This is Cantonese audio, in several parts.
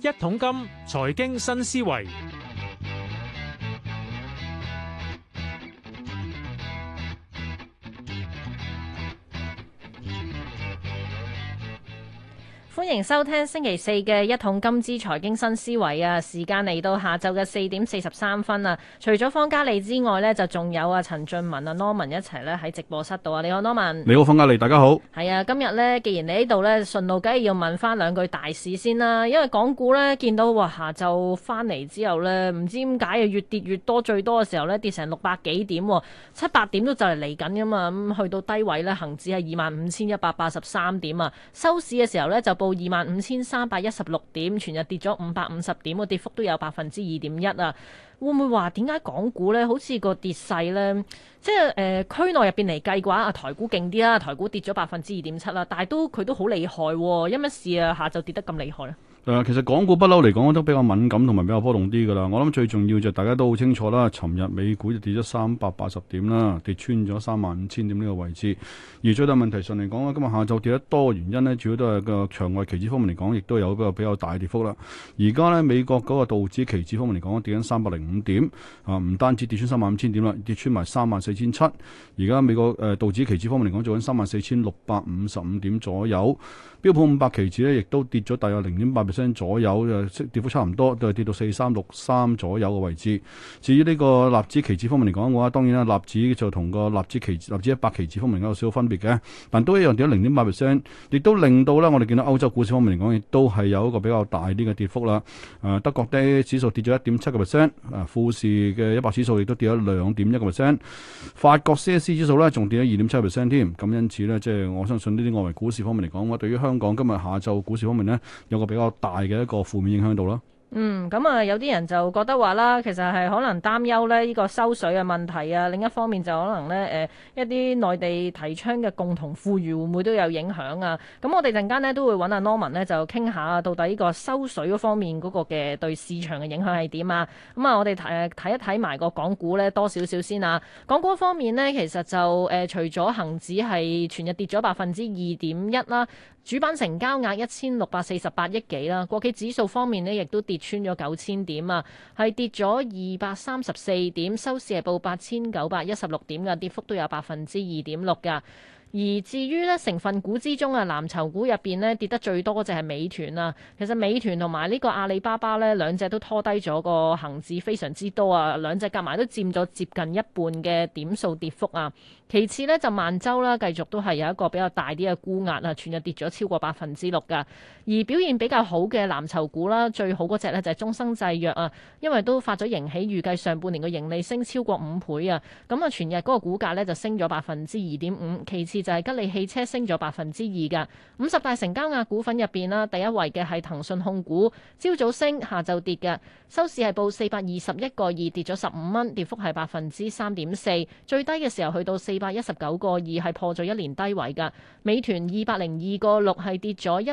一桶金，財經新思維。歡迎收聽星期四嘅一桶金之財經新思維啊！時間嚟到下晝嘅四點四十三分啊。除咗方嘉利之外呢，就仲有啊陳俊文啊 Norman 一齊呢喺直播室度啊。你好 Norman，你好方嘉利，大家好。係啊，今日呢，既然嚟呢度呢，順路，梗係要問翻兩句大市先啦。因為港股呢，見到話下晝翻嚟之後呢，唔知點解又越跌越多，最多嘅時候呢，跌成六百幾點，啊，七八點都就嚟嚟緊噶嘛。咁去到低位呢，恒指係二萬五千一百八十三點啊。收市嘅時候呢，就報。二萬五千三百一十六點，全日跌咗五百五十點，個跌幅都有百分之二點一啊！會唔會話點解港股呢好似個跌勢呢？即係誒，區內入邊嚟計嘅話，啊，台股勁啲啦，台股跌咗百分之二點七啦，但係都佢都好厲害，啊，因乜事啊？下晝跌得咁厲害，啊？誒、呃，其實港股不嬲嚟講，都比較敏感同埋比較波動啲噶啦。我諗最重要就大家都好清楚啦，尋日美股就跌咗三百八十點啦，跌穿咗三萬五千點呢個位置。而最大問題上嚟講呢，今日下晝跌得多原因呢，主要都係個、呃、場外期指方面嚟講，亦都有個比、比較大跌幅啦。而家呢，美國嗰個道指期指方面嚟講，跌緊三百零五點啊，唔單止跌穿三萬五千點啦，跌穿埋三萬四千七。而家美國誒、呃、道指期指方面嚟講，做緊三萬四千六百五十五點左右。標普五百期指咧，亦都跌咗大約零點八 percent 左右，就跌幅差唔多，都係跌到四三六三左右嘅位置。至於呢個納指期指方面嚟講嘅話，當然啦，納指就同個納指期指、納指一百期指方面有少少分別嘅，但都一樣跌咗零點八 percent，亦都令到咧我哋見到歐洲股市方面嚟講，亦都係有一個比較大啲嘅跌幅啦。誒、呃，德國嘅指數跌咗一點七個 percent，啊，富士嘅一百指數亦都跌咗兩點一個 percent，法國 CSC 指數咧仲跌咗二點七個 percent 添。咁因此咧，即係我相信呢啲外圍股市方面嚟講嘅話，對於香香港今日下晝股市方面呢，有個比較大嘅一個負面影響度咯。嗯，咁、嗯、啊、嗯，有啲人就覺得話啦，其實係可能擔憂呢呢個收水嘅問題啊。另一方面就可能呢誒、呃、一啲內地提倡嘅共同富裕會唔會都有影響啊？咁、嗯、我哋陣間呢，都會揾阿、啊、Norman 呢，就傾下，到底呢個收水嗰方面嗰個嘅對市場嘅影響係點啊？咁、嗯、啊，我哋睇一睇埋個港股呢，多少少先啊。港股方面呢，其實就誒、呃、除咗恒指係全日跌咗百分之二點一啦。主板成交額一千六百四十八億幾啦，國企指數方面呢，亦都跌穿咗九千點啊，係跌咗二百三十四點，收市係報八千九百一十六點嘅，跌幅都有百分之二點六噶。而至於咧成分股之中啊，藍籌股入邊呢，跌得最多嗰隻係美團啦。其實美團同埋呢個阿里巴巴呢，兩隻都拖低咗個恆指非常之多啊，兩隻夾埋都佔咗接近一半嘅點數跌幅啊。其次呢，就萬洲啦，繼續都係有一個比較大啲嘅沽壓啊，全日跌咗超過百分之六噶。而表現比較好嘅藍籌股啦，最好嗰隻咧就係中生製藥啊，因為都發咗盈喜，預計上半年嘅盈利升超過五倍啊。咁啊，全日嗰個股價咧就升咗百分之二點五。其次就係吉利汽車升咗百分之二噶。五十大成交額股份入邊啦，第一位嘅係騰訊控股，朝早升，下晝跌嘅，收市係報四百二十一個二，跌咗十五蚊，跌幅係百分之三點四。最低嘅時候去到四，二百一十九個二係破咗一年低位噶。美團二百零二個六係跌咗一，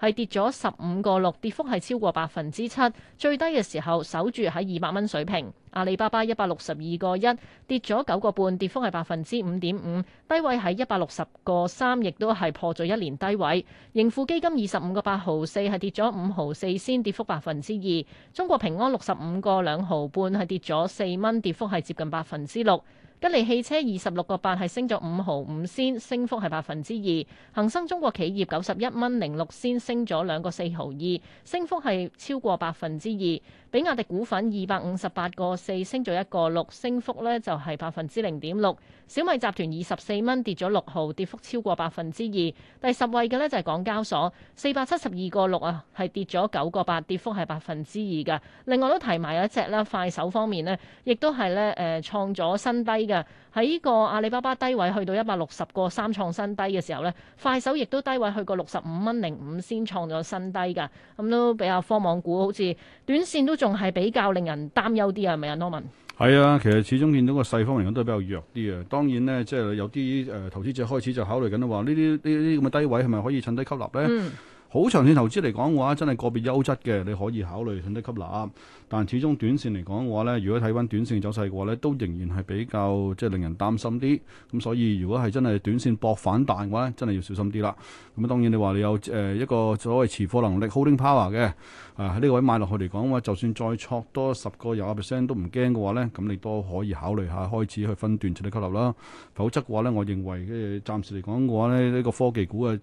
係跌咗十五個六，跌幅係超過百分之七，最低嘅時候守住喺二百蚊水平。阿里巴巴一百六十二個一跌咗九個半，跌幅係百分之五點五，低位喺一百六十個三，亦都係破咗一年低位。盈富基金二十五個八毫四係跌咗五毫四，先跌幅百分之二。中國平安六十五個兩毫半係跌咗四蚊，跌幅係接近百分之六。吉利汽車二十六個八係升咗五毫五仙，升幅係百分之二。恒生中國企業九十一蚊零六仙，升咗兩個四毫二，升幅係超過百分之二。比亞迪股份二百五十八個四升咗一個六，升幅咧就係百分之零點六。小米集團二十四蚊跌咗六毫，跌幅超過百分之二。第十位嘅咧就係港交所四百七十二個六啊，係跌咗九個八，跌幅係百分之二㗎。另外都提埋有一隻咧，快手方面呢，亦都係咧誒創咗新低㗎。喺呢個阿里巴巴低位去到一百六十個三創新低嘅時候呢，快手亦都低位去過六十五蚊零五先創咗新低㗎，咁、嗯、都比較科網股，好似短線都仲係比較令人擔憂啲啊，係咪啊，Norman？係啊，其實始終見到個細方嚟講都係比較弱啲嘅，當然呢，即、就、係、是、有啲誒、呃、投資者開始就考慮緊啦，話呢啲呢啲咁嘅低位係咪可以趁低吸納呢？嗯好長線投資嚟講嘅話，真係個別優質嘅，你可以考慮順德吸納。但係始終短線嚟講嘅話咧，如果睇翻短線走勢嘅話咧，都仍然係比較即係令人擔心啲。咁所以如果係真係短線搏反彈嘅話，真係要小心啲啦。咁啊，當然你話你有誒一個所謂持貨能力 （holding power） 嘅。啊！喺、這、呢、個、位買落去嚟講嘅話，就算再挫多十個廿個 percent 都唔驚嘅話咧，咁你都可以考慮下開始去分段徹底吸納啦。否則嘅話咧，我認為嘅暫、呃、時嚟講嘅話咧，呢、這個科技股嘅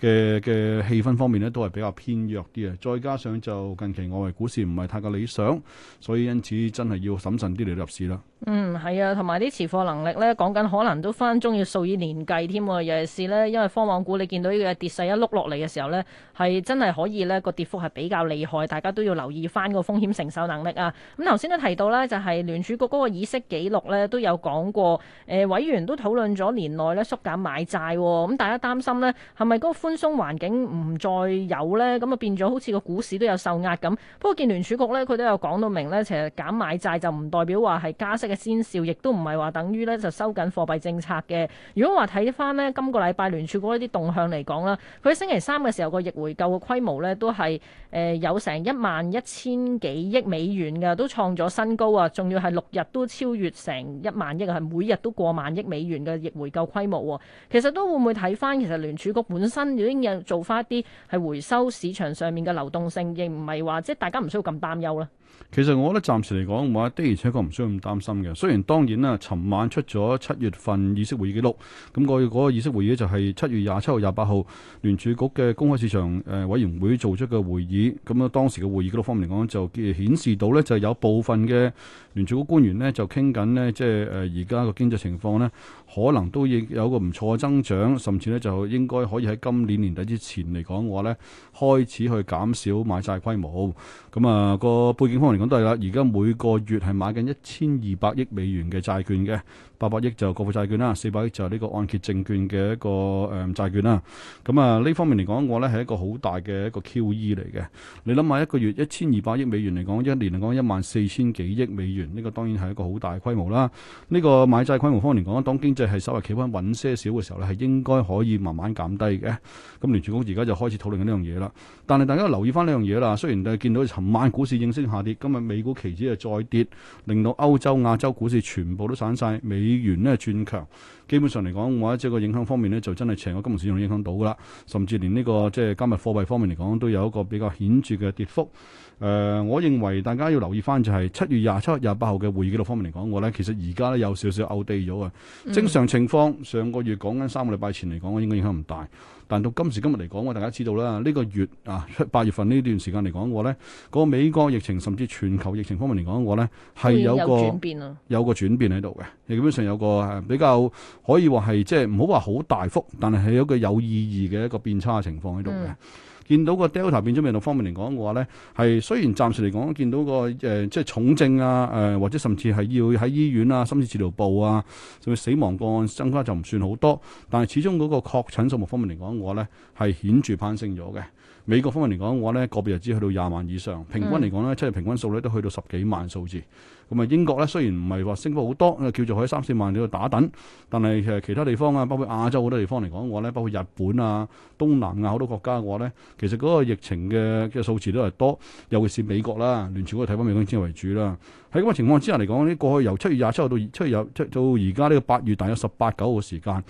嘅嘅氣氛方面咧都係比較偏弱啲嘅。再加上就近期外圍股市唔係太過理想，所以因此真係要審慎啲嚟入市啦。嗯，係啊，同埋啲持貨能力呢，講緊可能都分分鐘要數以年計添喎。尤其是呢，因為科網股你見到呢個跌勢一碌落嚟嘅時候呢，係真係可以呢個跌幅係比較厲害，大家都要留意返個風險承受能力啊。咁頭先都提到呢，就係、是、聯儲局嗰個議息記錄呢，都有講過，誒、呃、委員都討論咗年內呢縮減買債、哦。咁、嗯、大家擔心呢，係咪嗰個寬鬆環境唔再有呢？咁啊變咗好似個股市都有受壓咁。不過見聯儲局呢，佢都有講到明呢，其實減買債就唔代表話係加息嘅先兆，亦都唔係話等於咧，就收緊貨幣政策嘅。如果話睇翻咧，今個禮拜聯儲局一啲動向嚟講啦，佢星期三嘅時候個逆回購嘅規模咧都係誒、呃、有成一萬一千幾億美元嘅，都創咗新高啊！仲要係六日都超越成一萬億啊，係每日都過萬億美元嘅逆回購規模。其實都會唔會睇翻，其實聯儲局本身已經有做翻一啲係回收市場上面嘅流動性，亦唔係話即係大家唔需要咁擔憂啦。其實我覺得暫時嚟講嘅話，的而且確唔需要咁擔心嘅。雖然當然啦，尋晚出咗七月份議息會議記錄，咁、嗰、嗰個嗰、嗰個議息會議就係七月廿七號，號、廿八號聯儲局嘅公開市場誒委員會做出嘅會議。咁啊，當時嘅會議記錄方面嚟講，就顯示到呢就有部分嘅聯儲局官員呢就傾緊呢，即係而家個經濟情況呢，可能都亦有個唔錯嘅增長，甚至呢就應該可以喺今年年底之前嚟講嘅話呢，開始去減少買債規模。咁啊、呃，嗰個背景。警方面嚟講都係啦，而家每個月係買緊一千二百億美元嘅債券嘅。八百億就國庫債券啦，四百億就呢個按揭證券嘅一個誒、呃、債券啦。咁啊呢方面嚟講，我呢係一個好大嘅一個 QE 嚟嘅。你諗下，一個月一千二百億美元嚟講，一年嚟講一萬四千幾億美元，呢、這個當然係一個好大規模啦。呢、這個買債規模方面嚟講，當經濟係稍微企穩些少嘅時候呢，係應該可以慢慢減低嘅。咁聯儲局而家就開始討論呢樣嘢啦。但係大家留意翻呢樣嘢啦，雖然誒見到尋晚股市應聲下跌，今日美股期指又再跌，令到歐洲、亞洲股市全部都散晒。美美元咧轉強，基本上嚟講，我喺這個影響方面咧，就真係成個金融市場影響到噶啦，甚至連呢、這個即係加密貨幣方面嚟講，都有一個比較顯著嘅跌幅。誒、呃，我認為大家要留意翻就係七月廿七、廿八號嘅會議記錄方面嚟講我呢，我咧其實而家咧有少少拗地咗啊。嗯、正常情況，上個月個講緊三個禮拜前嚟講，應該影響唔大。但到今時今日嚟講我，我大家知道啦，呢、這個月啊，八月份呢段時間嚟講我呢，我、那、咧個美國疫情甚至全球疫情方面嚟講我呢，我咧係有個有，轉變有個轉變喺度嘅。基本上有個比較可以話係即係唔好話好大幅，但係係有個有意義嘅一個變差嘅情況喺度嘅。嗯見到個 Delta 變種病毒方面嚟講嘅話咧，係雖然暫時嚟講見到個誒、呃、即係重症啊，誒、呃、或者甚至係要喺醫院啊、深切治療部啊，甚至死亡個案增加就唔算好多，但係始終嗰個確診數目方面嚟講嘅話咧，係顯著攀升咗嘅。美國方面嚟講嘅話咧，個別日子去到廿萬以上，平均嚟講咧，七日平均數咧都去到十幾萬數字。咁啊，英國咧雖然唔係話升幅好多，叫做喺三四萬度打等，但係誒、呃、其他地方啊，包括亞洲好多地方嚟講嘅話咧，包括日本啊、東南亞好多國家嘅話咧，其實嗰個疫情嘅即係數字都係多，尤其是美國啦，聯儲都睇翻美金先為主啦。喺咁嘅情況之下嚟講，呢過去由七月廿七號到七月有到而家呢個八月大約，大概十八九個時間。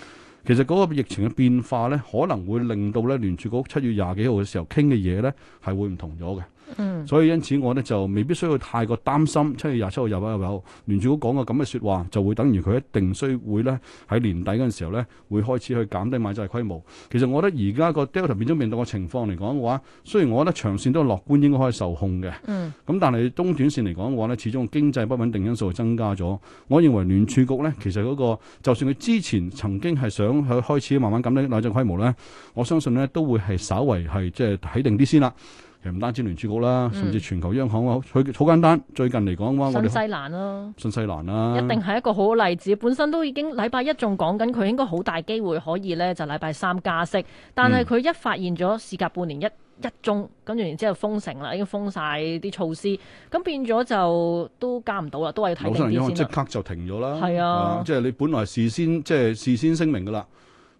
其實嗰個疫情嘅變化咧，可能會令到咧聯儲局七月廿幾號嘅時候傾嘅嘢咧，係會唔同咗嘅。嗯，所以因此我咧就未必需要太過擔心七月廿七號、廿八號、聯儲局講嘅咁嘅説話，就會等於佢一定需會咧喺年底嗰陣時候咧會開始去減低買債規模。其實我覺得而家個 Delta 變中變動嘅情況嚟講嘅話，雖然我覺得長線都係樂觀，應該可以受控嘅。嗯，咁但係中短線嚟講嘅話咧，始終經濟不穩定因素係增加咗。我認為聯儲局咧，其實嗰個就算佢之前曾經係想佢開始慢慢咁咧，擴大規模呢，我相信呢都會係稍為係即係睇定啲先啦。其實唔單止聯儲局啦，甚至全球央行啊，好好簡單。最近嚟講啊，嗯、們新西蘭咯、啊，新西蘭啦、啊，一定係一個好嘅例子。本身都已經禮拜一仲講緊，佢應該好大機會可以呢，就禮拜三加息，但係佢一發現咗、嗯、事隔半年一，一宗，跟住然之後封城啦，已經封晒啲措施，咁變咗就都加唔到啦，都係睇定啲先，即刻就停咗啦，係啊，啊，即係你本來事先即係事先聲明噶啦，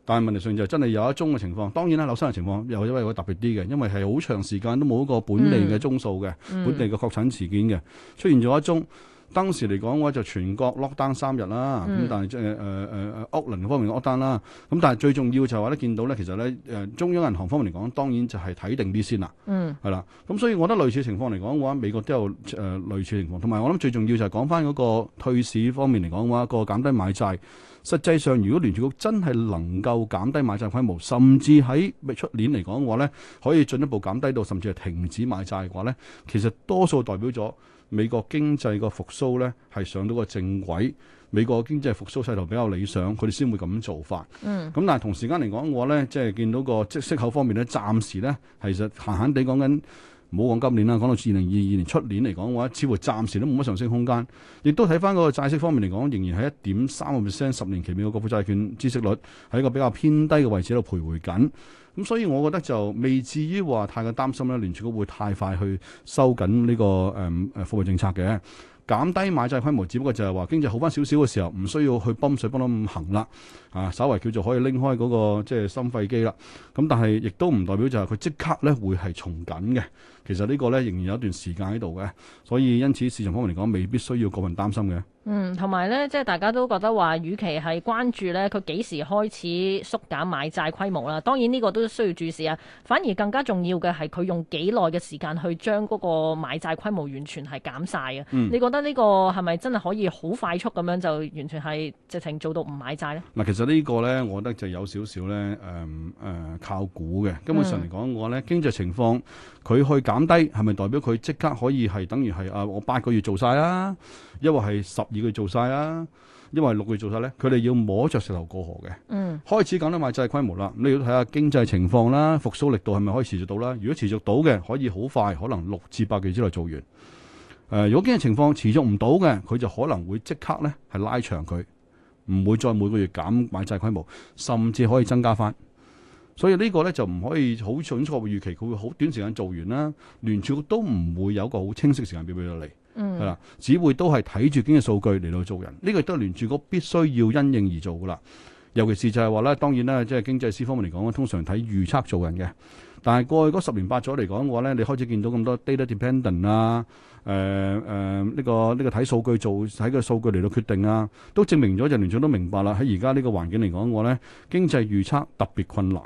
但係問題上就真係有一宗嘅情況。當然啦，劉生嘅情況又因為特別啲嘅，因為係好長時間都冇一個本地嘅宗數嘅本地嘅確診事件嘅出現咗一宗。當時嚟講嘅話就全國 lockdown 三日啦，咁、嗯、但係即係誒誒誒屋鄰方面 lockdown 啦，咁但係最重要就係咧見到咧，其實咧誒、呃、中央銀行方面嚟講，當然就係睇定啲先啦，係、嗯、啦。咁、嗯、所以我覺得類似情況嚟講嘅話，美國都有誒、呃、類似情況，同埋我諗最重要就係講翻嗰個退市方面嚟講嘅話，嗰個減低買債。實際上，如果聯儲局真係能夠減低買債規模，甚至喺出年嚟講嘅話咧，可以進一步減低到甚至係停止買債嘅話咧，其實多數代表咗。美國經濟個復甦咧係上到個正軌，美國嘅經濟復甦勢頭比較理想，佢哋先會咁做法。嗯，咁但係同時間嚟講，我咧即係見到個即息口方面咧，暫時咧其實閒閒地講緊。冇講今年啦，到年年講到二零二二年出年嚟講嘅話，似乎暫時都冇乜上升空間。亦都睇翻嗰個債息方面嚟講，仍然係一點三個 percent 十年期美國國庫債券孳息率喺一個比較偏低嘅位置度徘徊緊。咁、嗯、所以，我覺得就未至於話太過擔心咧，聯儲局太快去收緊呢、這個誒誒貨幣政策嘅。減低買債規模，只不過就係話經濟好翻少少嘅時候，唔需要去泵水泵得咁行啦，啊，稍微叫做可以拎開嗰、那個即係、就是、心肺機啦。咁但係亦都唔代表就係佢即刻咧會係從緊嘅。其實個呢個咧仍然有一段時間喺度嘅，所以因此市場方面嚟講，未必需要過分擔心嘅。嗯，同埋咧，即係大家都覺得話，與其係關注咧，佢幾時開始縮減買債規模啦，當然呢個都需要注視啊。反而更加重要嘅係佢用幾耐嘅時間去將嗰個買債規模完全係減晒啊！嗯、你覺得呢個係咪真係可以好快速咁樣就完全係直情做到唔買債呢？嗱，其實呢個呢，我覺得就有少少、嗯嗯嗯、呢，誒誒靠估嘅根本上嚟講，我呢經濟情況佢去減低係咪代表佢即刻可以係等於係啊？我八個月做晒啦、啊，因為係十。二個月做晒啦、啊，因為六月做晒咧，佢哋要摸着石頭過河嘅。嗯，開始減低買債規模啦。你要睇下經濟情況啦，復甦力度係咪可以持續到啦？如果持續到嘅，可以好快可能六至八個月之內做完。誒、呃，如果經濟情況持續唔到嘅，佢就可能會即刻咧係拉長佢，唔會再每個月減買債規模，甚至可以增加翻。所以個呢個咧就唔可以好準確預期，佢會好短時間做完啦、啊。聯儲都唔會有一個好清晰時間表畀你。係啦，只會都係睇住經濟數據嚟到做人，呢、這個亦都係聯儲局必須要因應而做噶啦。尤其是就係話咧，當然啦，即、就、係、是、經濟師方面嚟講咧，通常睇預測做人嘅。但係過去嗰十年八載嚟講嘅話咧，你開始見到咁多 data dependent 啊，誒、呃、誒，呢、呃這個呢、這個睇數據做睇個數據嚟到決定啊，都證明咗就聯儲都明白啦。喺而家呢個環境嚟講嘅話咧，經濟預測特別困難。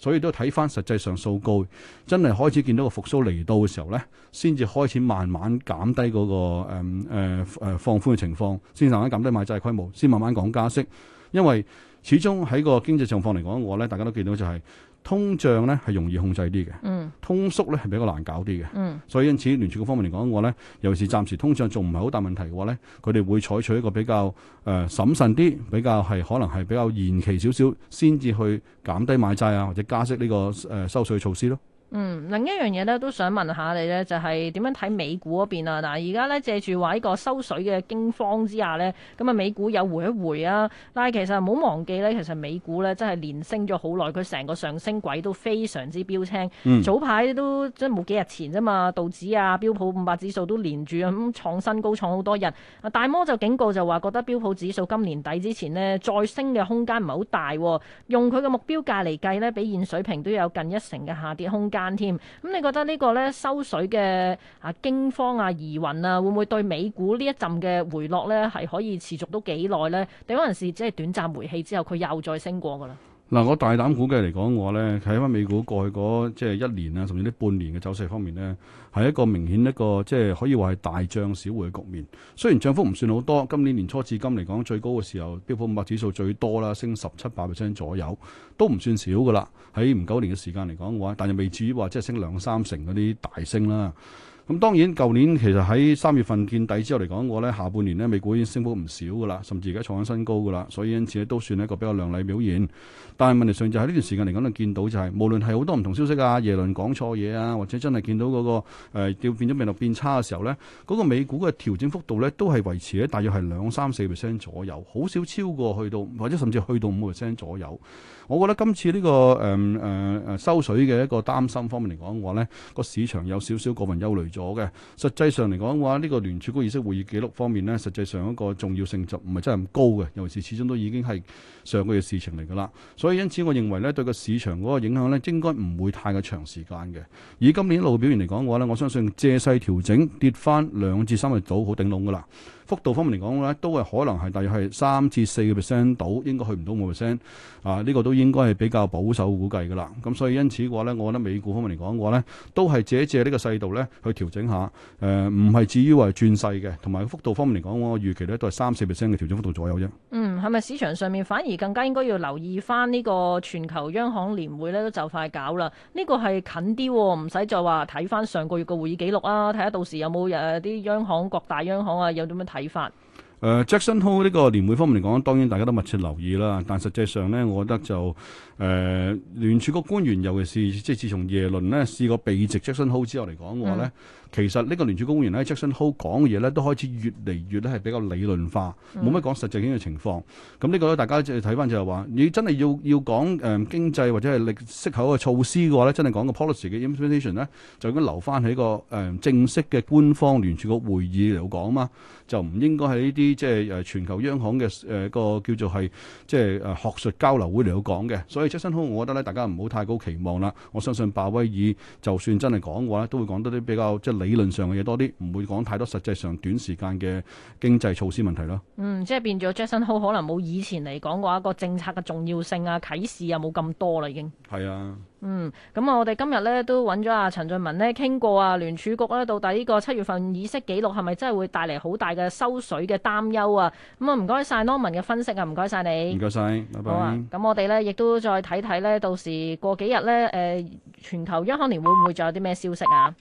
所以都睇返實際上數據，真係開始見到個復甦嚟到嘅時候咧，先至開始慢慢減低嗰、那個誒誒、嗯呃、放寬嘅情況，先慢慢減低買債規模，先慢慢講加息，因為始終喺個經濟狀況嚟講，我咧大家都見到就係、是。通脹咧係容易控制啲嘅，嗯、通縮咧係比較難搞啲嘅，嗯、所以因此聯儲局方面嚟講嘅話咧，尤其是暫時通脹仲唔係好大問題嘅話咧，佢哋會採取一個比較誒、呃、審慎啲，比較係可能係比較延期少少，先至去減低買債啊，或者加息呢、呢個誒、呃、收稅措施咯。嗯，另一樣嘢咧都想問下你咧，就係、是、點樣睇美股嗰邊啊？嗱，而家咧借住話呢個收水嘅驚慌之下咧，咁啊美股有回一回啊，但係其實唔好忘記咧，其實美股咧真係連升咗好耐，佢成個上升軌都非常之標青。嗯、早排都即係冇幾日前啫嘛，道指啊、標普五百指數都連住咁、嗯、創新高，創好多日。啊，大摩就警告就話覺得標普指數今年底之前呢，再升嘅空間唔係好大，啊，用佢嘅目標價嚟計呢，比現水平都有近一成嘅下跌空間。添，咁、嗯、你覺得呢個咧收水嘅啊驚慌啊疑雲啊，會唔會對美股呢一陣嘅回落呢？係可以持續到幾耐咧？定還是只係短暫回氣之後佢又再升過噶啦？嗱，我大膽估計嚟講嘅話，我咧睇翻美股過去嗰即係一年啊，甚至啲半年嘅走勢方面咧，係一個明顯一個即係可以話係大漲小回嘅局面。雖然漲幅唔算好多，今年年初至今嚟講最高嘅時候，標普五百指數最多啦，升十七八 percent 左右，都唔算少㗎啦。喺唔夠年嘅時間嚟講嘅話，但係未至於話即係升兩三成嗰啲大升啦。咁當然，舊年其實喺三月份見底之後嚟講，我咧下半年咧美股已經升幅唔少噶啦，甚至而家創緊新高噶啦，所以因此咧都算一個比較靚麗表現。但係問題上就喺、是、呢段時間嚟講、就是，都見到就係無論係好多唔同消息啊，耶倫講錯嘢啊，或者真係見到嗰、那個誒調、呃、變咗病毒變差嘅時候咧，嗰、那個美股嘅調整幅度咧都係維持喺大約係兩三四 percent 左右，好少超過去到或者甚至去到五 percent 左右。我覺得今次呢個誒誒誒收水嘅一個擔心方面嚟講嘅話，呢個市場有少少過分憂慮咗嘅。實際上嚟講嘅話，呢個聯儲局議息會議記錄方面呢，實際上一個重要性就唔係真係咁高嘅，尤其是始終都已經係上個月事情嚟㗎啦。所以因此，我認為呢對個市場嗰個影響呢，應該唔會太過長時間嘅。以今年路表現嚟講嘅話呢，我相信借勢調整跌翻兩至三日左右好頂籠㗎啦。幅度方面嚟講咧，都係可能係大約係三至四個 percent 到，應該去唔到五 percent。啊，呢、這個都應該係比較保守估計㗎啦。咁、啊、所以因此嘅話咧，我覺得美股方面嚟講嘅話咧，都係借借個呢個勢度咧去調整下。誒、呃，唔係至於話轉勢嘅，同埋幅度方面嚟講，我預期咧都係三四 percent 嘅調整幅度左右啫。嗯，係咪市場上面反而更加應該要留意翻呢個全球央行年會咧都就快搞啦？呢、這個係近啲喎、哦，唔使再話睇翻上個月嘅會議記錄啊！睇下到時有冇誒啲央行各大央行啊有點樣睇。睇法，誒、呃、Jackson Hole 呢個年會方面嚟講，當然大家都密切留意啦。但實際上咧，我覺得就，誒、呃、聯儲局官員，尤其是即係自從耶倫咧試過避席 Jackson Hole 之後嚟講嘅話咧，嗯、其實呢個聯儲官員喺 Jackson Hole 講嘅嘢咧，都開始越嚟越咧係比較理論化，冇乜講實際啲嘅情況。咁呢、嗯嗯、個咧，大家即係睇翻就係話，你真係要要講誒、呃、經濟或者係力適合嘅措施嘅話咧，真係講個 policy 嘅 implementation 咧，就應該留翻喺個誒、呃、正式嘅官方聯儲局會議嚟度講啊嘛，就唔應該喺呢啲即係誒全球央行嘅誒個叫做係即係誒學術交流會嚟度講嘅。所以 Jackson Hole，我覺得咧，大家唔好太高期望啦。我相信鮑威爾就算真係講嘅話都會講多啲比較即係理論上嘅嘢多啲，唔會講太多實際上短時間嘅經濟措施問題咯。嗯，即係變咗 Jackson Hole 可能冇以前嚟講嘅話，個政策嘅重要性啊、啟示啊，冇咁多啦，已經係啊。嗯，咁啊，我哋今日咧都揾咗阿陳俊文咧傾過啊，聯儲局咧到底呢個七月份議息記錄係咪真係會帶嚟好大嘅收水嘅擔憂啊？咁、嗯、啊，唔該晒 Norman 嘅分析啊，唔該晒你。唔該晒，拜拜。好啊，咁我哋咧亦都再睇睇咧，到時過幾日咧，誒、呃，全球央行年會會唔會再有啲咩消息啊？